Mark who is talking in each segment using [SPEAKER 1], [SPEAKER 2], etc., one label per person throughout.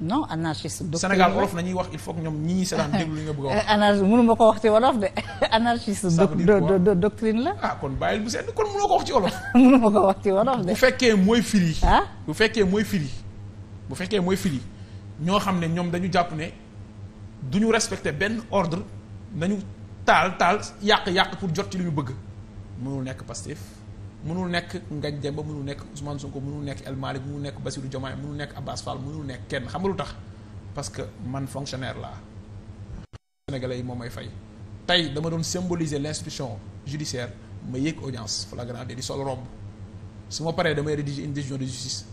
[SPEAKER 1] non anarchiste. doctrine Sénégal wolof nañuy wax il faut que ñoom ñi ñuy seetaan déglu li nga bëgg a wax. anarchiste ma ko wax ci wolof de anarchiste. doctrine la. ah kon bàyyil bu sedd kon mënoo ko wax ci wolof. mënu ma ko wax ci wolof bu fekkee mooy firi. Ah? bu fekkee mooy firi. bu fekkee mooy firi ñoo xam ne ñoom dañu jàpp ne du ñu respecté benn ordre nañu taal taal yàq yàq pour jot ci lu ñu bëgg mënul nekk Pastef. mënul nekk Ngagne Demba mënul nekk Ousmane Sonko mënul nekk El Malick mënul nekk Bassirou Diomaye mënul nekk Abbas Fall mënul nekk kenn xam lu tax parce que man fonctionnaire laa sénégalais yi moom may fay tey dama doon symboliser l'institution judiciaire ma yéeg audience flagrant di sol romb su ma paree damay rédiger une décision de justice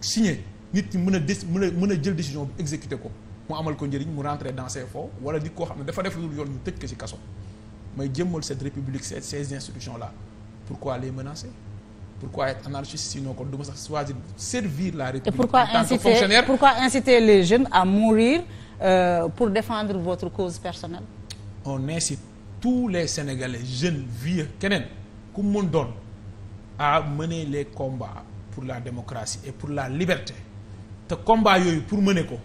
[SPEAKER 1] signé nit ñi mën a dé mën a mën a jël décision bi exécuter ko mu amal ko njëriñ mu rentrer dans ses fonds wala nit koo xam ne dafa def lu yoon ñu tëj ko ci kaso may jëmmal cette république ces ces institutions là pourquoi les menacer pourquoi être anarchiste sinon kon ko ma sax choisir servir la République. Et pourquoi en tant inciter, que fonctionnaire pourquoi jeunes à mourir euh, pour défendre votre cause personnelle. on incite tous les Sénégalais jeunes vieux keneen ku mu mën doon à mener les combats pour la démocratie et pour la liberté te combat yooyu pour mener ko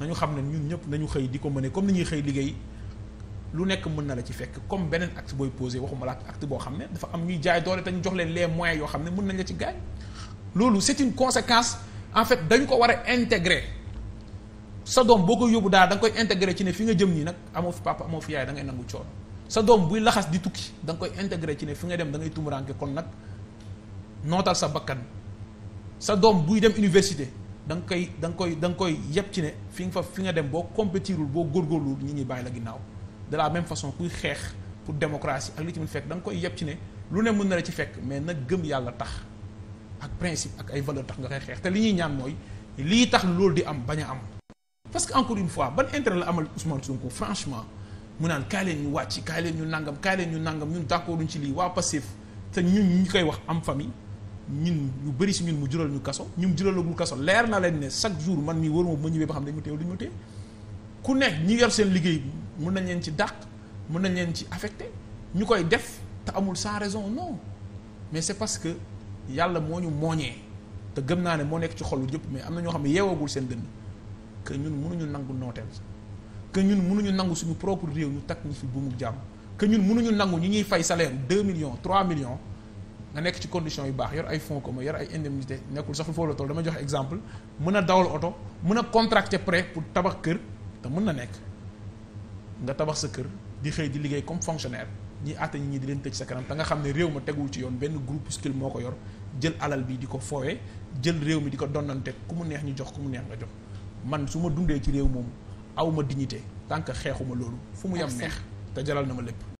[SPEAKER 1] na nañu xam ne ñun ñëpp ñu xëy di ko mener comme ni ñuy xëy liggéey. lu nekk mën na la ci fekk comme beneen acte booy posé waxuma la ak acte boo xam ne dafa am ñuy jaay doole te ñu jox leen lee moyens yoo xam ne mun nañ la ci gaañ loolu c'est une conséquence en fait dañ ko war a intégrer sa doom boo koy yóbbu daal danga koy intégrer ci ne fi nga jëm nii nag amoo fi papa amoo fi da ngay nangu coono sa doom buy laxas di tukki da koy intégrer ci ne fi nga dem dangay ngay tumuranke kon nag nootal sa bakkan sa doom buy dem université da nga koy da koy da nga koy yëpp ci ne fi nga fa fi nga dem boo compétirul boo góorgóorlu ñi ñi bàyyi la ginnaaw de la même façon kuy xeex pour démocratie ak li ci mun fekk da nga koy yeb ci ne lu ne mën na la ci fekk mais nag gëm yàlla tax ak principe ak ay valeur tax nga koy xeex te li ñuy ñaan mooy lii tax loolu di am bañ am. parce que encore une fois ban intérêt la amal Ousmane Sonko franchement mu naan kaay leen ñu wàcc kaay leen ñu nangam kaay leen ñu nangam ñun d'accord duñ ci lii waa Pastef te ñun ñu ñu koy wax am famille ñun yu bëri si ñun mu jural ñu kaso ñun juralagul kaso leer na leen ne jour man mii wóor ma bu ma ñëwee ba xam dañ ku nekk ñi yor seen liggéey bi mun nañ leen ci dàq mun nañ leen ci affecté ñu koy def te amul sans raison non mais c'est parce que yàlla moo ñu mooñee te gëm naa ne moo nekk ci xolu yëpp mais am na ñoo xam ne yeewoogul seen dënn que ñun mënuñu nangu nooteel que ñun mënuñu nangu suñu propre réew ñu takk ñu fi buumu jàmm que ñun mënuñu nangu ñu ñuy fay salaire deux millions trois millions nga nekk ci condition yu baax yor ay fonds commun yor ay indemnité nekkul sax foofu la toll dama exemple mën a dawal oto mën a contracter prêt pour tabax kër te mën na nekk nga tabax sa kër di xëy di liggéey comme fonctionnaire ñi àtte ñi di leen tëj sa kanam te nga xam ne réew ma teguwul ci yoon benn groupuscule moo ko yor jël alal bi di ko foowee jël réew mi di ko donnante ku mu neex ñu jox ku mu neex nga jox man su ma dundee ci réew moom aw ma dignité tant que xeexuma loolu fu mu yem neex te jalal na ma lépp